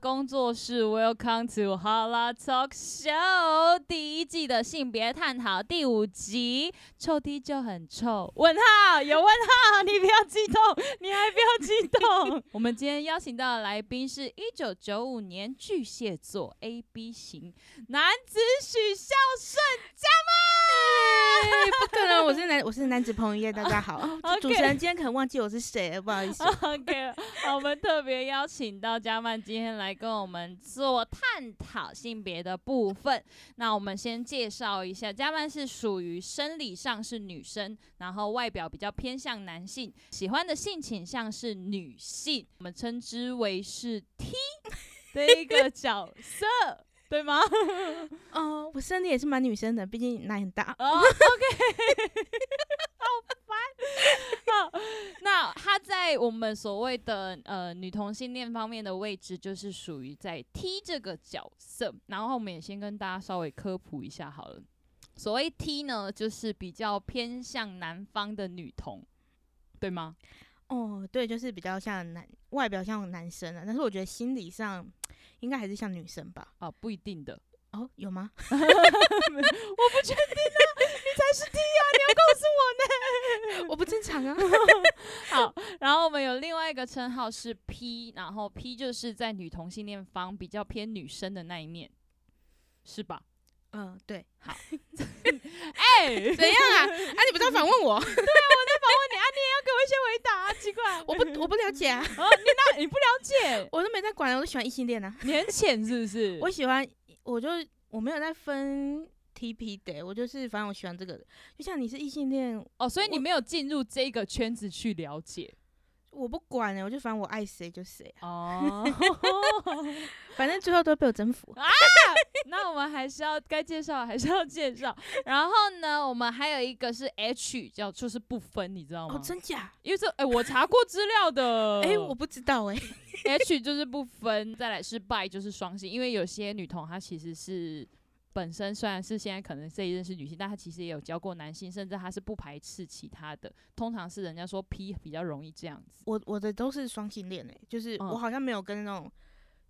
工作室，Welcome to Hala Talk Show 第一季的性別探討第五集，臭 T 就很臭。問號有問號， 你不要激動，你還不要激動。我們今天邀請到的來賓是一九九五年巨蟹座 A B 型男子許孝順，家曼耶。 不可能，我是男，我是男子彭於晏。大家好， Okay. 主持人今天可能忘記我是誰了，不好意思。 OK，好，我們特別邀請到家曼今天來。來跟我們做探討性別的部分。那我們先介紹一下，嘉曼是屬於生理上是女生，然後外表比較偏向男性，喜歡的性傾向是女性，我們稱之為是 T 的一個角色， 對嗎？哦，uh, 我身體也是蠻女生的，畢竟奶很大。哦、oh, OK。 那那他在我們所謂的呃女同性戀方面的位置，就是屬於在 T 這個角色。然後我們也先跟大家稍微科普一下好了。所謂 T 呢，就是比較偏向男方的女同，對嗎？哦，對，就是比較像男，外表像男生啊，但是我覺得心理上應該還是像女生吧？啊、哦，不一定的。哦，有嗎？我不確定啊，你才是 T 啊，你要告訴我呢，我不正常啊。好，然後我們有另外一個稱號是 P，然後 P 就是在女同性戀方比較偏女生的那一面，是吧？嗯，對。好，哎，怎樣啊？啊，你不要再反問我。對啊，我在反問你啊，你也要給我一些回答啊，奇怪，我不我不了解啊，你那你不了解，我都沒在管，我都喜歡異性戀啊，你很淺是不是？我喜歡。我就我沒有在分 T P 的，我就是反正我喜歡這個，就像你是異性戀哦，所以你沒有進入這個圈子去了解。我不管呢、欸，我就反正我愛誰就誰哦、啊，oh、 反正最後都要被我征服 啊！那我們還是要該介紹還是要介紹。然後呢，我們還有一個是 H，叫就是不分，你知道嗎？Oh, 真假？因為這、欸、我查過資料的、 欸。我不知道哎、欸。H 就是不分，再來是 BY 就是雙性，因為有些女同她其實是。本身雖然是現在可能這一任是女性，但她其實也有交過男性，甚至她是不排斥其他的。通常是人家說 P 比較容易這樣子。我我的都是雙性戀哎、欸，就是我好像沒有跟那種。嗯、了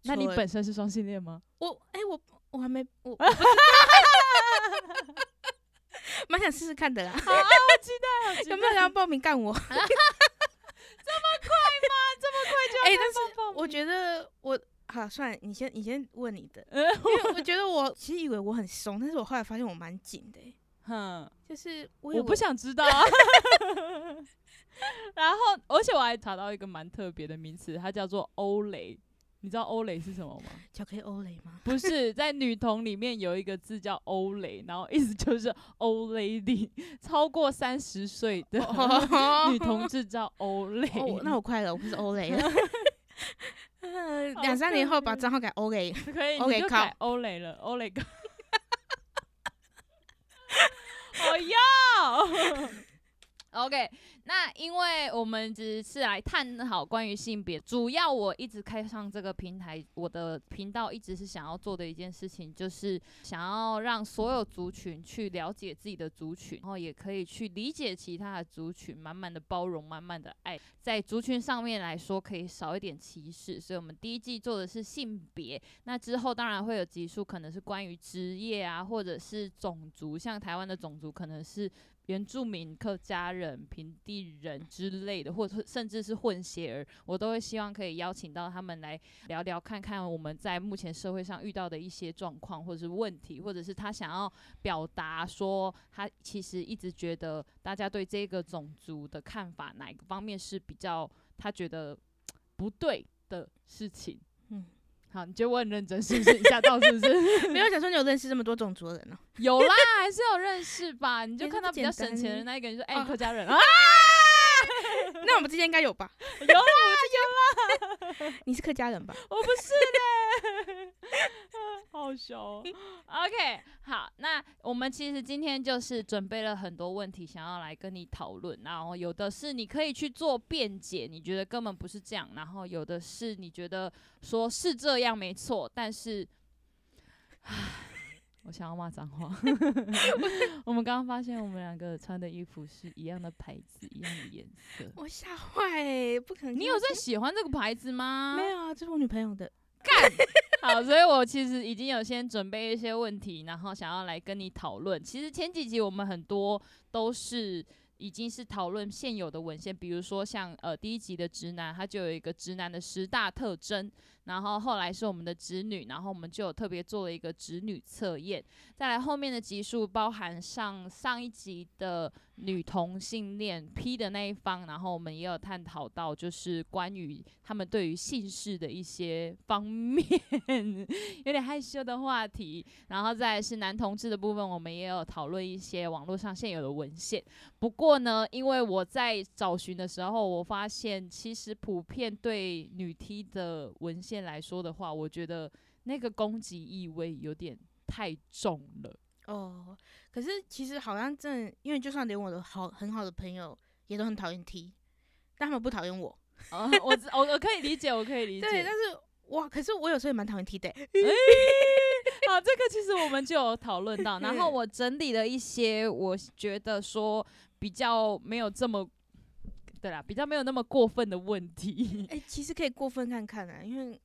那你本身是雙性戀嗎？我哎、欸、我我還沒我，蠻 想試試看的啦。好、啊，期待有沒有人要報名幹我？啊、 這麼快嗎？這麼快就哎、欸，但是我覺得我。好算了，算你先，你先問你的，嗯、因為我覺得我 其實以為我很慫，但是我後來發現我蠻緊的，哼、嗯，就是我我，我不想知道、啊。 然後，而且我還查到一個蠻特別的名詞，它叫做歐蕾。你知道歐蕾是什麼嗎？巧克力歐蕾嗎？ 不是，在女同裡面有一個字叫歐蕾，然後意思就是歐 Lady，超過三十歲的 女同志叫歐蕾、 哦。那我快了，我不是歐蕾了。 嗯，兩三年後把賬號改歐雷。可以你就改歐雷了，歐雷哥，我要。OK，那因為我們只是來探討關於性別，主要我一直開上這個平台，我的頻道一直是想要做的一件事情，就是想要讓所有族群去了解自己的族群，然後也可以去理解其他的族群，滿滿的包容，滿滿的愛，在族群上面來說，可以少一點歧視。所以我們第一季做的是性別，那之後當然會有集數，可能是關於職業啊，或者是種族，像台灣的種族可能是。原住民、客家人、平地人之類的，或者甚至是混血兒，我都會希望可以邀請到他們來聊聊，看看我們在目前社會上遇到的一些狀況或者是問題，或者是他想要表達說，他其實一直覺得大家對這個種族的看法，哪一個方面是比較他覺得不對的事情。好，你覺得我很認真是不是？ 是不是？嚇到是不是？沒有想說你有認識這麼多種族的人哦、喔，有啦，還是有認識吧。 你就看到比較省錢的那一個，你說：“哎、欸欸，客家人啊。” 那我們之間應該有吧？有啊啦， 有啊。 你是客家人吧？我不是呢，欸， 好笑。OK，好，那我們其實今天就是準備了很多問題，想要來跟你討論。然後有的是你可以去做辯解，你覺得根本不是這樣；然後有的是你覺得說是這樣沒錯，但是，欸。我想要罵髒話。 我,是 我們剛剛發現，我們兩個穿的衣服是一樣的牌子，一樣的顏色。我嚇壞，欸，不可能！你有在喜歡這個牌子嗎？沒有啊，這是我女朋友的。幹幹， 好，所以我其實已經有先準備一些問題，然後想要來跟你討論。其實前幾集我們很多都是已經是討論現有的文獻，比如說像呃第一集的直男，他就有一個直男的十大特徵。然後後來是我們的直女，然後我們就有特別做了一個直女測驗。再來後面的集數包含上上一集的女同性戀 P 的那一方，然後我們也有探討到，就是關於他們對於性事的一些方面，有點害羞的話題。然後再來是男同志的部分，我們也有討論一些網絡上現有的文獻。不過呢，因為我在找尋的時候，我發現其實普遍對女 T 的文，現來說的話，我覺得那個攻擊意味有點太重了。哦，可是其實好像正因為就算連我的好很好的朋友也都很討厭 T，但他們不討厭我。哦，我我我可以理解，我可以理解。 理解對，但是哇，可是我有時候也蠻討厭 T 的。誒，好，這個其實我們就有討論到，然後我整理了一些，我覺得說比較沒有這麼。對啦，比較沒有那麼過分的問題。哎、欸，其實可以過分看看啊，因為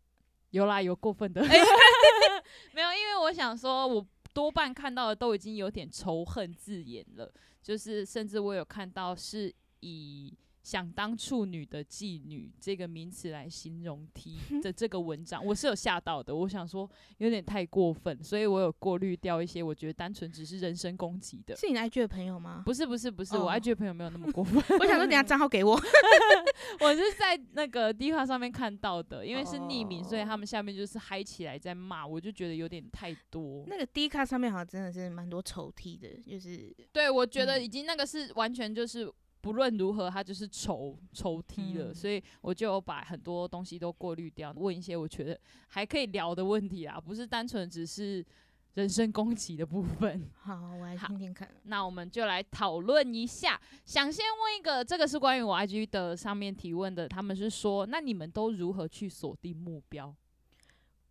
有啦，有過分的。 沒有，因為我想說，我多半看到的都已經有點仇恨字眼了，就是甚至我有看到是以。想當處女的妓女這個名詞來形容 T 的這個文章，我是有嚇到的。我想說有點太過分，所以我有過濾掉一些我覺得單純只是人身攻擊的。是你 IG 的朋友嗎？不是不是不是，oh. 我 IG 的朋友沒有那麼過分。 我想說，等下賬號給我。 我是在那個 Dcard 上面看到的，因為是匿名，所以他們下面就是嗨起來在罵，我就覺得有點太多。那個 Dcard 上面好像真的是蠻多醜 T 的，就是對我覺得已經那個是完全就是。不論如何，他就是臭臭 T 了，嗯、所以我就有把很多東西都過濾掉，問一些我覺得還可以聊的問題啊，不是單純只是人身攻擊的部分。好，我來聽聽看。那我們就來討論一下。想先問一個，這個是關於我 IG 的上面提問的，他們是說，那你們都如何去鎖定目標？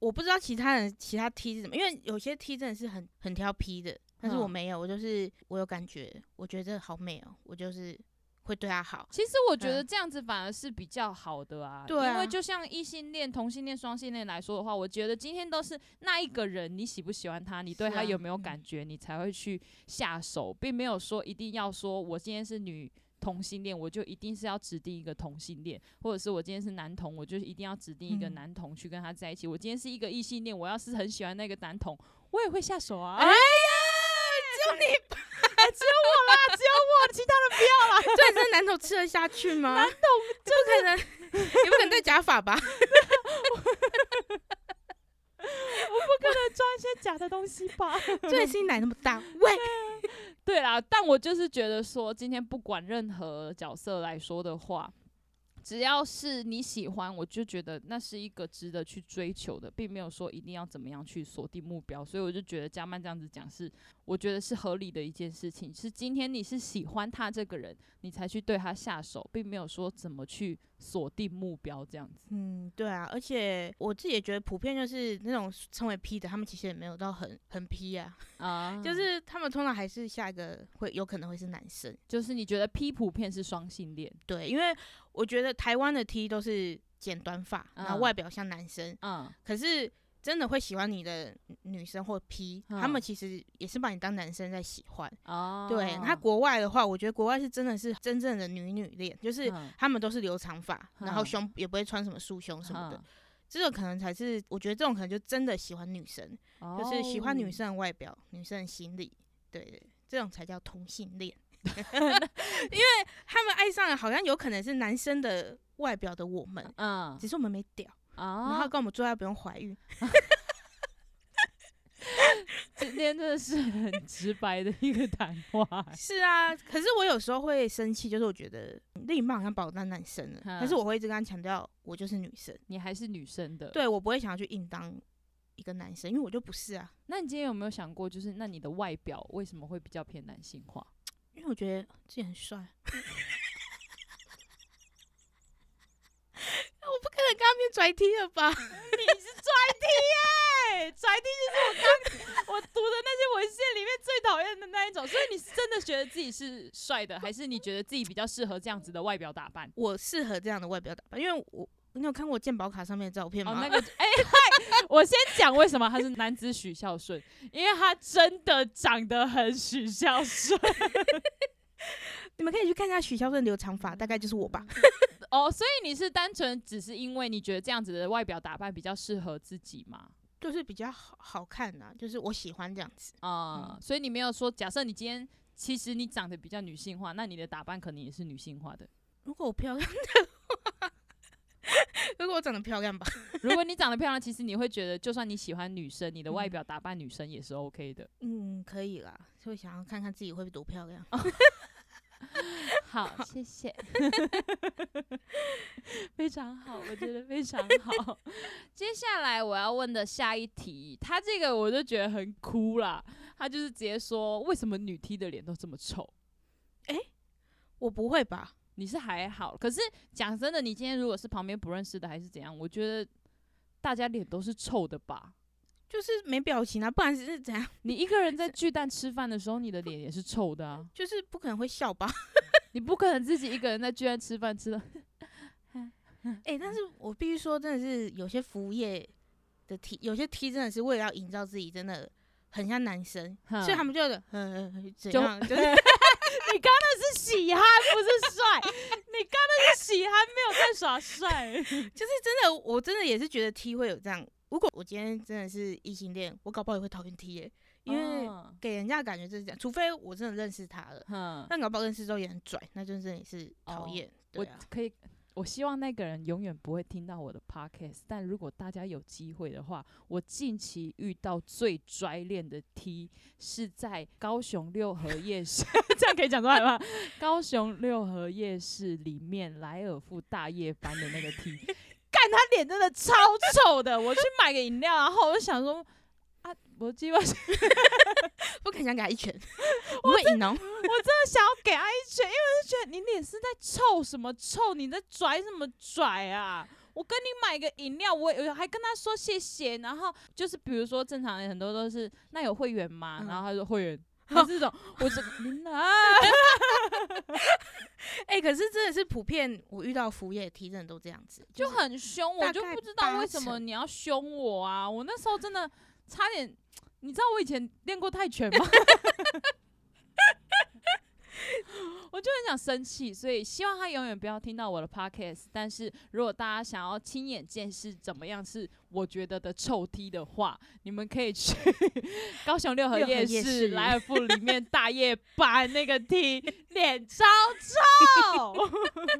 我不知道其他人其他 T 是什麼，因為有些 T 真的是很很挑 P 的，但是我沒有，我就是我有感覺，我覺得好美哦，我就是。會對他好，其實我覺得這樣子反而是比較好的啊，嗯、對啊，因為就像異性戀、同性戀、雙性戀來說的話，我覺得今天都是那一個人，你喜不喜歡他，你對他有沒有感覺，啊、你才會去下手，並沒有說一定要說我今天是女同性戀，我就一定是要指定一個同性戀，或者是我今天是男同，我就一定要指定一個男同去跟他在一起。嗯、我今天是一個異性戀，我要是很喜歡那個男同，我也會下手啊。哎呀！ 你只有我啦，只有我，其他的不要啦。鑽石男童吃得下去嗎？男同不可能，也 不可能戴假髮吧？ 我不可能裝一些假的東西吧？鑽石奶那麼大，喂，對，啊、 對啦。但我就是覺得說，今天不管任何角色來說的話，只要是你喜歡，我就覺得那是一個值得去追求的，並沒有說一定要怎麼樣去鎖定目標。所以我就覺得加曼這樣子講是。我覺得是合理的一件事情，是今天你是喜歡他這個人，你才去對他下手，並沒有說怎麼去鎖定目標這樣子。嗯，對啊，而且我自己也覺得，普遍就是那種稱為 P 的，他們其實也沒有到很很 P 呀。啊，uh, 就是他們通常還是下一個會有可能會是男生。就是你覺得 P 普遍是雙性戀？對，因為我覺得台灣的 T 都是剪短髮，然後外表像男生，嗯，uh, uh. 可是。真的會喜歡你的女生或 P、嗯、他們其實也是把你當男生在喜歡、哦、對，那國外的話，嗯、我覺得國外是真的是真正的女女戀，就是他們都是留長髮，嗯、然後胸也不會穿什麼束胸什麼的，嗯嗯、這種可能才是我覺得這種可能就真的喜歡女生，哦、就是喜歡女生的外表、女生的心理，對，對，對，這種才叫同性戀，因為他們愛上了好像有可能是男生的外表的我們，嗯，只是我們沒屌。然後他告訴我們，最好不用懷孕。 今天真的是很直白的一個談話。 是啊，可是我有時候會生氣，就是我覺得另一半好像把我當男生了，哼但是我會一直跟他強調，我就是女生，你還是女生的。對我不會想要去硬當一個男生，因為我就不是啊。那你今天有沒有想過，就是那你的外表為什麼會比較偏男性化？因為我覺得自己很帥。 拽 T 了吧？你是拽 T 耶，拽 T 就是我剛我讀的那些文獻裡面最討厭的那一種。所以你是真的覺得自己是帥的，還是你覺得自己比較適合這樣子的外表打扮？我適合這樣的外表打扮，因為我你有看過我健保卡上面的照片嗎？那個，哎，嗨，我先講為什麼他是男子許孝順，因為他真的長得很許孝順。 你們可以去看一下許孝順留長髮，大概就是我吧。 哦，oh, 所以你是單純只是因為你覺得這樣子的外表打扮比較適合自己嗎？就是比較好看啊。就是我喜歡這樣子啊。Uh, 嗯，所以你沒有說，假設你今天其實你長得比較女性化，那你的打扮可能也是女性化的。如果我漂亮的話， 如果我長得漂亮吧。 如果你長得漂亮，其實你會覺得，就算你喜歡女生，你的外表打扮女生也是 OK 的。嗯，嗯，可以啦，就想要看看自己會不會多漂亮。Oh. 好，謝謝。好 非常好，我覺得非常好。 接下來我要問的下一題，他這個我就覺得很哭啦。他就是直接說：“為什麼女 T 的臉都這麼臭？”哎、欸，我不會吧？你是還好，可是講真的，你今天如果是旁邊不認識的，還是怎樣？我覺得大家臉都是臭的吧，就是沒表情啊，不然是怎樣？你一個人在巨蛋吃飯的時候，你的臉也是臭的啊，就是不可能會笑吧？你不可能自己一個人在劇院吃飯吃的，哎，但是我必須說，真的是有些服務業的 T，有些 T 真的是為了要營造自己，真的很像男生，呵 所以他們就嗯怎樣就,就是， 你剛才是嘻哈不是帥，你剛才是嘻哈是， 剛剛嘻哈沒有在耍帥， 就是真的，我真的也是覺得 T 會有這樣，如果我今天真的是異性戀，我搞不好也會討厭 T、欸因為給人家的感覺就是這樣，除非我真的認識他了。嗯、但搞不好認識之後也很拽，那就是你是討厭。哦對啊、我可以，我希望那個人永遠不會聽到我的 podcast，但如果大家有機會的話，我近期遇到最拽臉的 T 是在高雄六合夜市， 這樣可以講出來嗎？ 高雄六合夜市裡面萊爾富大夜班的那個 T， 幹他臉真的超臭的。我去買個飲料， 然後我就想說。我基本上 不肯想給他一拳。 我這、哦、我真的想要給他一拳，因為我覺得你臉是在臭什麼臭，你在拽什麼拽啊！我跟你買個飲料我也，我還跟他說謝謝。然後就是比如說正常人很多都是那有會員嗎？嗯、然後他就說會員，他、嗯、這種我是哎，可是真的是普遍我遇到服務業 T 人都這樣子，就是、就很凶，我就不知道為什麼你要凶我啊！我那時候真的差點。你知道我以前練過泰拳嗎？ 我就很想生氣，所以希望他永遠不要聽到我的 podcast，但是如果大家想要親眼見識怎麼樣是我覺得的臭踢的話，你們可以去高雄六合夜市萊福 裡面大夜班那個踢， 臉超臭。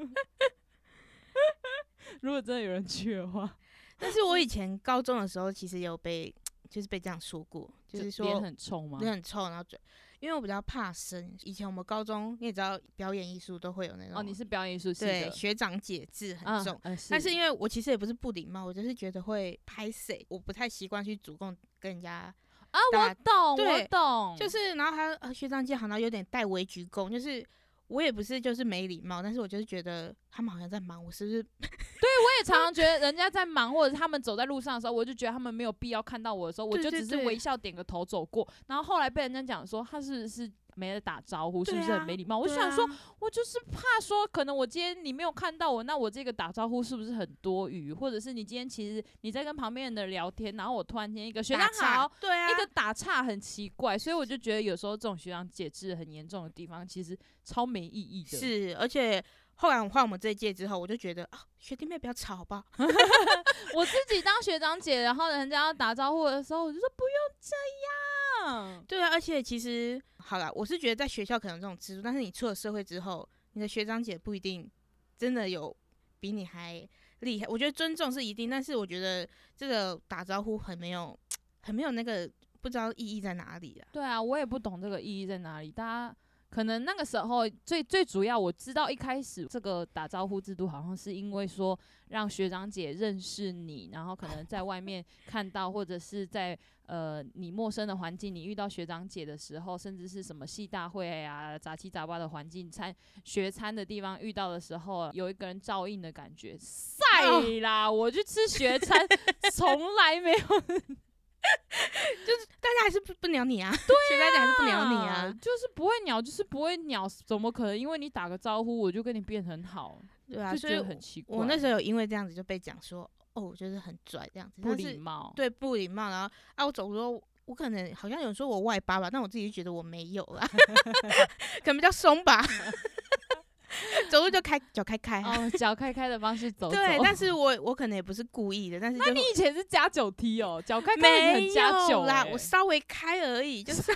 如果真的有人去的話，但是我以前高中的時候其實有被。就是被這樣說過，就是說臉很臭嘛，臉很臭，然後嘴，因為我比較怕生。以前我們高中，你也知道，表演藝術都會有那種。哦，你是表演藝術，對，學長姐字很重，但是因為我其實也不是不禮貌，我就是覺得會拍誰，我不太習慣去主動跟人家啊，我懂，我懂，就是然後還學長姐好像有點帶微鞠躬，就是。我也不是就是沒禮貌，但是我就是覺得他們好像在忙，我是不是對？對，我也常常覺得人家在忙， 或者是他們走在路上的時候，我就覺得他們沒有必要看到我的時候，對對對，我就只是微笑點個頭走過。然後後來被人家講說他是是。沒得打招呼，是不是很沒禮貌？啊、我想說，我就是怕說，可能我今天你沒有看到我，那我這個打招呼是不是很多餘？或者是你今天其實你在跟旁邊的人聊天，然後我突然間一個學長好，對啊、一個打岔很奇怪，所以我就覺得有時候這種學長姐制很嚴重的地方，其實超沒意義的。是，而且後來我換我們這一屆之後，我就覺得啊，學弟妹不要吵吧。我自己當學長姐，然後人家要打招呼的時候，我就說不用這樣。嗯，對啊，而且其實好啦，我是覺得在學校可能有這種制度，但是你出了社會之後，你的學長姐不一定真的有比你還厲害。我覺得尊重是一定，但是我覺得這個打招呼很沒有，很沒有那個不知道意義在哪裡啊。對啊，我也不懂這個意義在哪裡，大家。可能那個時候最最主要，我知道一開始這個打招呼制度好像是因為說讓學長姐認識你，然後可能在外面看到，或者是在呃你陌生的環境，你遇到學長姐的時候，甚至是什麼系大會啊、雜七雜八的環境餐學餐的地方遇到的時候，有一個人照應的感覺，曬啦！我去吃學餐，從來沒有。 就是大家還是不不鳥你啊，對啊，大家還是不鳥你啊， 就是不會鳥，就是不會鳥，怎麼可能？因為你打個招呼，我就跟你變很好，對啊，所以很奇怪我。我那時候有因為這樣子就被講說，哦，我覺得很拽這樣子，不禮貌是，對，不禮貌。然後，啊，我走的時候，我可能好像有人說我外八吧，但我自己就覺得我沒有啊， 可能比較鬆吧。 走路就開腳開開哦、啊，腳、oh, 開開的方式走，走。對，但是我我可能也不是故意的，但是，就是你以前是加 9T 哦，腳開開已加、欸、沒有啦，我稍微開而已，就是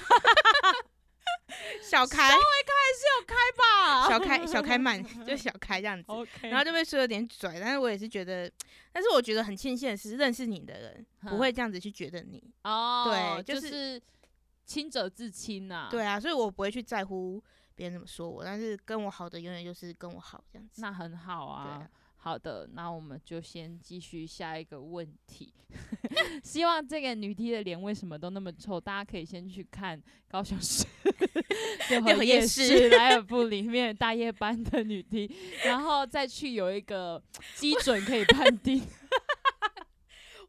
小開，稍微開還是有開吧，小開小開慢 就小開這樣子，Okay. 然後就被說有點拽，但是我也是覺得，但是我覺得很慶幸的是，認識你的人、嗯、不會這樣子去覺得你哦，oh, 對，就是清者自清吶、啊，對啊，所以我不會去在乎。別人怎麼說我，但是跟我好的永遠就是跟我好這樣子。那很好啊，啊好的，那我們就先繼續下一個問題。 希望這個女、T、的的臉為什麼都那麼臭？大家可以先去看高雄市六合夜市萊爾富裡面大夜班的女 T， 然後再去有一個基準可以判定。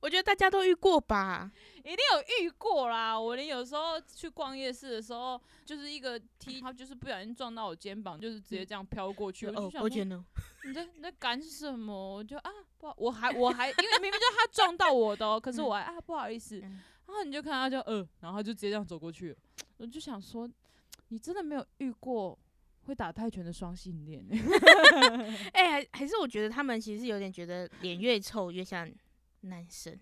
我覺得大家都遇過吧，一定有遇過啦。我連有時候去逛夜市的時候，就是一個 T、嗯、他就是不小心撞到我肩膀，就是直接這樣飄過去。哦，我就想說，你在你在幹什麼？ 我就啊，不好，我還我還，因為明明就是他撞到我的、喔， 可是我還啊不好意思。嗯、然後你就看他就嗯、呃，然後就直接這樣走過去。我就想說，你真的沒有遇過會打泰拳的雙性戀？哎、 欸，還是我覺得他們其實有點覺得臉越臭越像。男生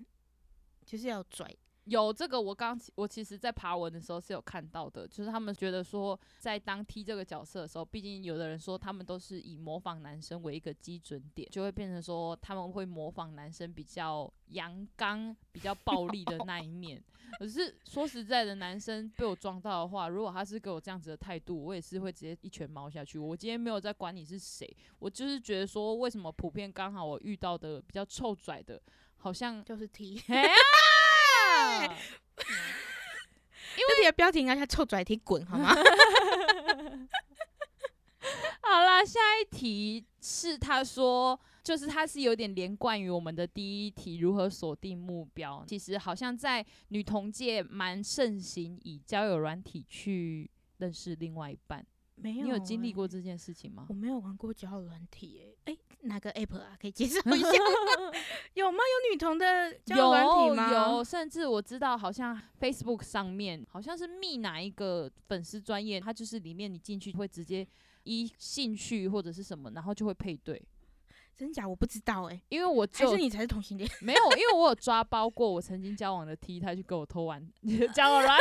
就是要拽，有這個我剛我其實在爬文的時候是有看到的，就是他們覺得說在當 T 這個角色的時候，畢竟有的人說他們都是以模仿男生為一個基準點，就會變成說他們會模仿男生比較陽剛、比較暴力的那一面。 可是說實在的，男生被我撞到的話，如果他是給我這樣子的態度，我也是會直接一拳貓下去。我今天沒有在管你是誰，我就是覺得說為什麼普遍剛好我遇到的比較臭拽的。好像就是 T，因為你的標題應該叫“臭嘴 T 滾”好嗎？ 好啦，下一題是他說，就是他是有點連貫於我們的第一題，如何鎖定目標？其實好像在女同界蠻盛行以交友軟體去認識另外一半。沒有欸、你有經歷過這件事情嗎？我沒有玩過交友軟體誒、欸。哎、欸。哪個 app 啊？可以介紹一下？ 有嗎？有女同的交友軟體嗎？有？有，甚至我知道，好像 Facebook 上面，好像是密哪一個粉絲專頁，他就是裡面你進去會直接依興趣或者是什麼，然後就會配對。真假我不知道誒、欸，因為我就是你才是同性戀， 沒有，因為我有抓包過我曾經交往的 T，他去跟我偷玩交友軟體， 真假？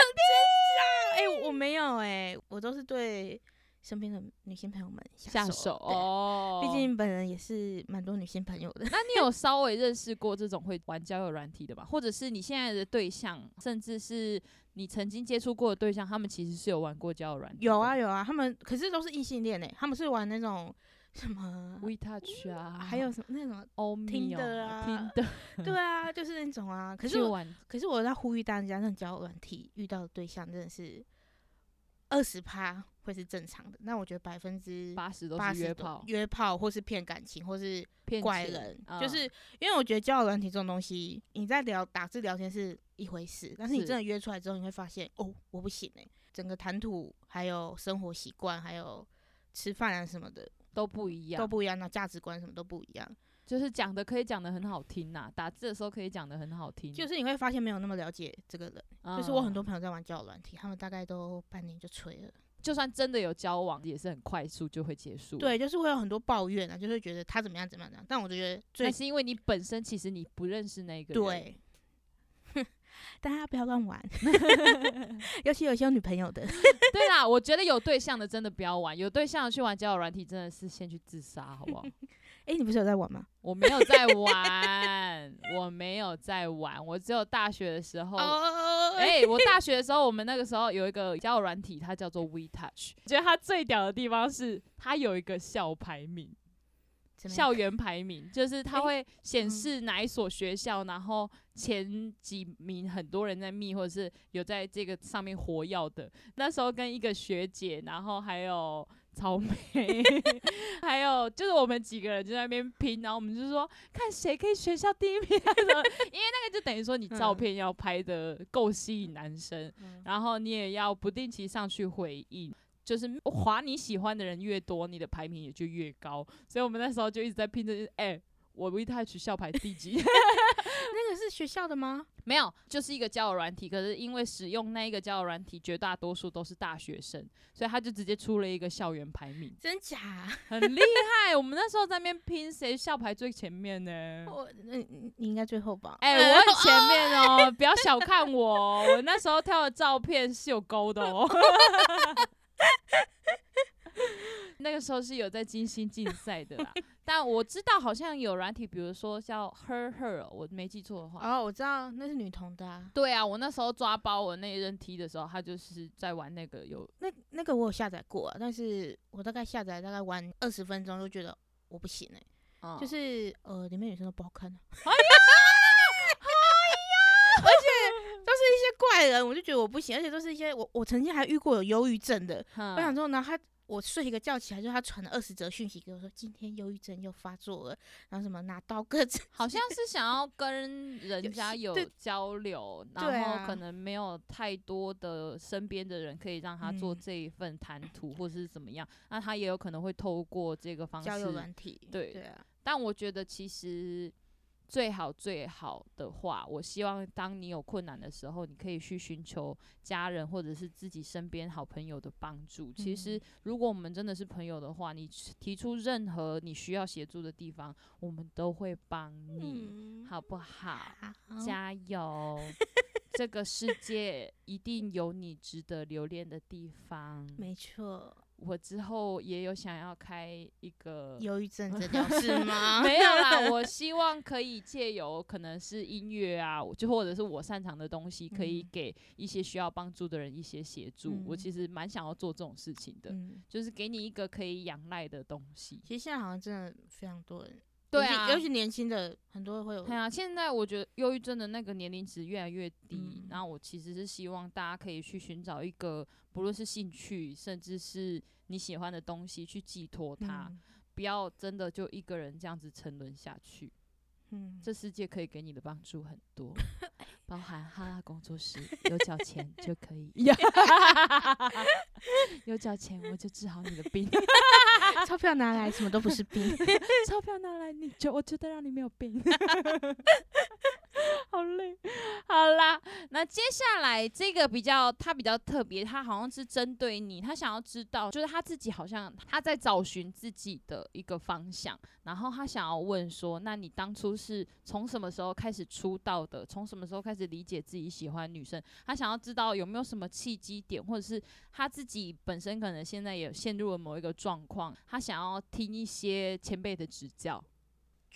哎、欸，我沒有誒、欸，我都是對。身邊的女性朋友們下手，下手對哦，畢竟本人也是蠻多女性朋友的。那你有稍微認識過這種會玩交友軟體的嗎？ 或者是你現在的對象，甚至是你曾經接觸過的對象，他們其實是有玩過交友軟體的？有啊有啊，他們可是都是異性戀呢、欸。他們是玩那種什麼 We touch 啊，還有什麼那種 on、oh、米的啊，的啊對啊，就是那種啊。可是我玩可是我在呼籲大家，那種、個、交友軟體遇到的對象真的是二十趴。會是正常的，那我覺得百分之八十都是約炮、約炮，或是騙感情，或是騙怪人。嗯、就是因為我覺得交友軟體這種東西，你在聊打字聊天是一回事，但是你真的約出來之後，你會發現是哦，我不行誒、欸。整個談吐、還有生活習慣、還有吃飯啊什麼的都不一樣，都不一樣，那價值觀什麼都不一樣，就是講的可以講的很好聽吶、啊，打字的時候可以講的很好聽、啊，就是你會發現沒有那麼了解這個人。嗯、就是我很多朋友在玩交友軟體，他們大概都半年就吹了。就算真的有交往，也是很快速就會結束。對，就是會有很多抱怨啊，就是會覺得他怎麼樣怎麼樣。但我覺得最，那是因為你本身其實你不認識那個人。對，大家 不要亂玩， 尤其有些有女朋友的。 對啊，我覺得有對象的真的不要玩，有對象去玩交友軟體真的是先去自殺，好不好？ 哎，欸、你不是有在玩嗎？ 我沒有在玩，我沒有在玩。我只有大學的時候，哎，我大學的時候，我們那個時候有一個交友軟體，它叫做 We Touch。我覺得它最屌的地方是，它有一個校排名，校園排名，就是它會顯示哪一所學校，欸、然後前幾名很多人在密，或者是有在這個上面活躍的。那時候跟一個學姐，然後還有。超美，草莓 還有就是我們幾個人就在那邊拼，然後我們就是說看誰可以全校第一名。他說，因為那個就等於說你照片要拍得夠吸引男生，嗯、然後你也要不定期上去回應，就是劃你喜歡的人越多，你的排名也就越高。所以我們那時候就一直在拼着，哎、欸，我為他取校排第幾。 是學校的嗎？沒有，就是一個交友軟體。可是因為使用那個交友軟體，絕大多數都是大學生，所以他就直接出了一個校園排名。真假？很厲害！ 我們那時候在那邊拼誰校排最前面呢、欸？我，你，你應該最後吧？哎、欸，我很前面、喔、哦，不要小看我、喔， 我那時候跳的照片是有勾的哦、喔。 那個時候是有在精心競賽的啦， 但我知道好像有軟體，比如說叫 Her Her，我沒記錯的話。哦，我知道那是女同的，啊。對啊，我那時候抓包我那一任踢的時候，她就是在玩那個有那那個我有下載過，但是我大概下載大概玩二十分鐘就覺得我不行哎，欸，哦，就是呃裡面女生都不好看，啊，哎呀哎呀，而且都是一些怪人，我就覺得我不行，而且都是一些我我曾經還遇過有憂鬱症的，嗯、我想說呢她。我睡一個覺起來，就他傳了二十則訊息給我說，說今天憂鬱症又發作了，然後什麼拿刀割，好像是想要跟人家有交流， 對然後可能沒有太多的身邊的人可以讓他做這一份談吐、嗯、或是怎麼樣，那他也有可能會透過這個方式交流軟體，對對、啊、但我覺得其實。最好最好的話，我希望當你有困難的時候，你可以去尋求家人或者是自己身邊好朋友的幫助。嗯、其實，如果我們真的是朋友的話，你提出任何你需要協助的地方，我們都會幫你、嗯、好不好？好加油！ 這個世界一定有你值得留戀的地方。沒錯。我之後也有想要開一個憂鬱症治療室嗎？ 沒有啦，我希望可以借由可能是音樂啊，就或者是我擅長的東西，可以給一些需要幫助的人一些協助。嗯、我其實蠻想要做這種事情的，嗯、就是給你一個可以仰賴的東西。其實現在好像真的非常多人。對啊尤、尤其年輕的很多會有。對啊，現在我覺得憂鬱症的那個年齡值越來越低，嗯、然後我其實是希望大家可以去尋找一個不論是興趣，甚至是你喜歡的東西去寄托它，嗯、不要真的就一個人這樣子沉淪下去。嗯，這世界可以給你的幫助很多。 包含哈啦工作室，有繳錢就可以， 有繳錢我就治好你的病，鈔 票拿來什麼都不是病，鈔 票拿來你就，我就得讓你沒有病。 好啦，那接下來這個比較，他比較特別，他好像是針對你，他想要知道，就是他自己好像他在找尋自己的一個方向，然後他想要問說，那你當初是從什麼時候開始出道的？從什麼時候開始理解自己喜歡女生？他想要知道有沒有什麼契機點，或者是他自己本身可能現在也陷入了某一個狀況，他想要聽一些前輩的指教。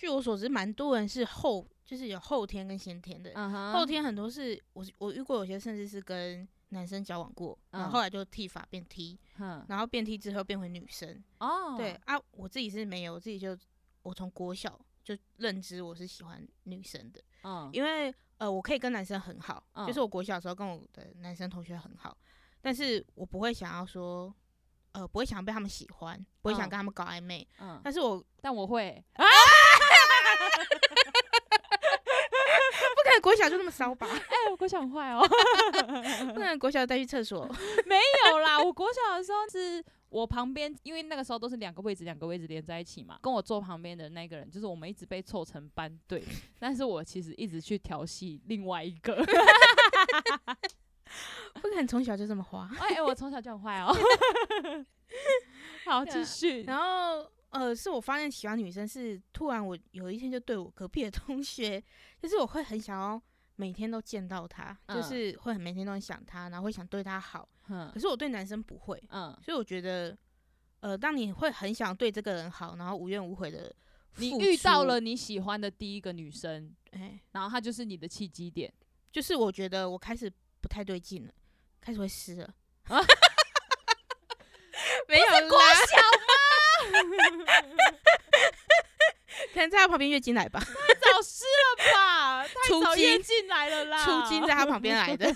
據我所知，蠻多人是後，就是有後天跟先天的。Uh huh. 後天很多是我我遇過，有些甚至是跟男生交往過，uh huh. 然後後來就剃髮變 T，uh huh. 然後變 T 之後變回女生。Uh huh. 對啊，我自己是沒有，我自己就我從國小就認知我是喜歡女生的。Uh huh. 因為呃，我可以跟男生很好，uh huh. 就是我國小的時候跟我的男生同學很好，但是我不會想要說，呃，不會想被他們喜歡，不會想跟他們搞曖昧。Uh huh. 但是我但我會啊。哎，國小就那麼騷吧？哎、欸，我國小很壞哦， 不然國小帶去廁所？ 沒有啦，我國小的時候是我旁邊，因為那個時候都是兩個位置，兩個位置連在一起嘛，跟我坐旁邊的那個人，就是我們一直被湊成班對， 但是我其實一直去調戲另外一個。 不然從小就這麼花？哎、欸，我從小就很壞哦。 好，繼續。然後。呃，是我發現喜歡女生是突然，我有一天就對我隔壁的同學，就是我會很想要每天都見到他，嗯、就是會很每天都很想他，然後會想對他好。嗯、可是我對男生不會。嗯，所以我覺得，呃，當你會很想對這個人好，然後無怨無悔的付出，你遇到了你喜歡的第一個女生，欸、然後她就是你的契機點，嗯、就是我覺得我開始不太對勁了，開始會濕了。沒有，國小嗎？ 可能在他旁邊月經來吧，太早濕了吧？初經 來了啦，初經，初經在他旁邊來的。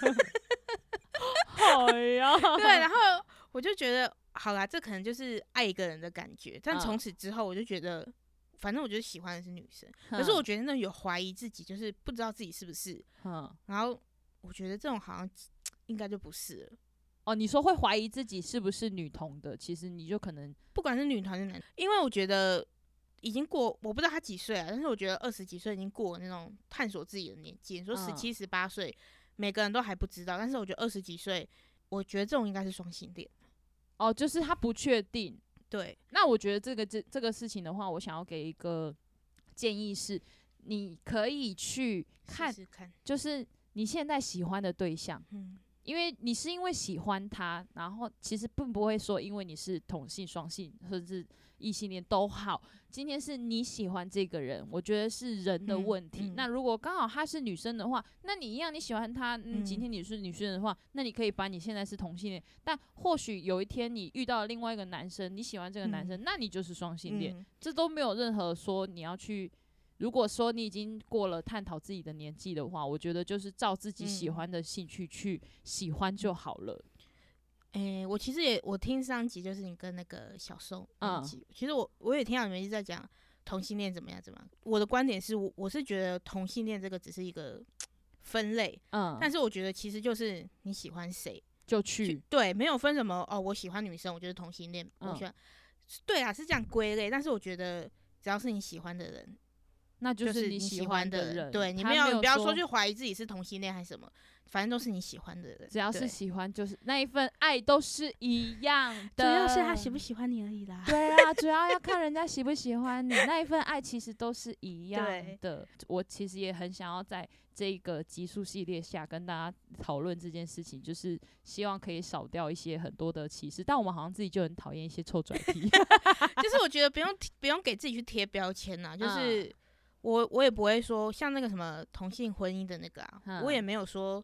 好呀。對，然後我就覺得，好啦，這可能就是愛一個人的感覺。但從此之後，我就覺得，反正我就喜歡的是女生。Uh. 可是我覺得那種有懷疑自己，就是不知道自己是不是。嗯。Uh. 然後我覺得這種好像應該就不是了。哦，你說會懷疑自己是不是女同的，其實你就可能不管是女同是男同，因為我覺得已經過，我不知道他幾歲啊，但是我覺得二十幾歲已經過了那種探索自己的年紀。你說十七十八歲，每個人都還不知道，但是我覺得二十幾歲，我覺得這種應該是雙性戀。哦，就是他不確定。對。那我覺得這個這這個事情的話，我想要給一個建議是，你可以去看，試試看，就是你現在喜歡的對象。嗯。因為你是因為喜歡他，然後其實並不會說因為你是同性雙性或者是異性戀都好，今天是你喜歡這個人，我覺得是人的問題。嗯嗯、那如果剛好他是女生的話，那你一樣你喜歡他，嗯，今天你是女生的話，嗯、那你可以把你現在是同性戀，但或許有一天你遇到另外一個男生，你喜歡這個男生，嗯、那你就是雙性戀，嗯、這都沒有任何說你要去。如果說你已經過了探討自己的年紀的話，我覺得就是照自己喜歡的興趣去喜歡就好了。誒、嗯欸，我其實也，我聽上集就是你跟那個小宋，那、嗯、其實我我也聽到你們一直在講同性戀怎麼樣怎麼樣。我的觀點是我我是覺得同性戀這個只是一個分類，嗯，但是我覺得其實就是你喜歡誰就去，去，對，沒有分什麼哦，我喜歡女生，我就是同性戀，我喜歡，嗯、對啊，是這樣歸類，但是我覺得只要是你喜歡的人。那就是你喜歡的人，的人對，你沒有，沒有不要說去懷疑自己是同性戀還是什麼，反正都是你喜歡的人，只要是喜歡，就是對那一份愛都是一樣的，主要是他喜不喜歡你而已啦。對啊啦， 主要要看人家喜不喜歡你，那一份愛其實都是一樣的。對我其實也很想要在這個集數系列下跟大家討論這件事情，就是希望可以少掉一些很多的歧視，但我們好像自己就很討厭一些臭嘴皮，就是我覺得不用 不用給自己去貼標籤吶、啊，就是。嗯我我也不會說像那個什麼同性婚姻的那個啊，嗯、我也沒有說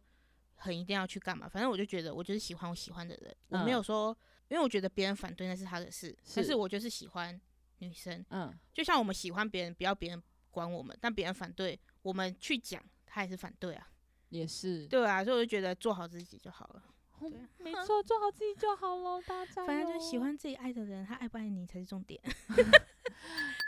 很一定要去幹嘛。反正我就覺得，我就是喜歡我喜歡的人，嗯、我沒有說，因為我覺得別人反對那是他的事，是但是我就是喜歡女生，嗯，就像我們喜歡別人，不要別人管我們，但別人反對，我們去講，他也是反對啊，也是，對啊，所以我就覺得做好自己就好了，對、啊嗯，沒錯，做好自己就好了，大家反正就喜歡自己愛的人，他愛不愛你才是重點。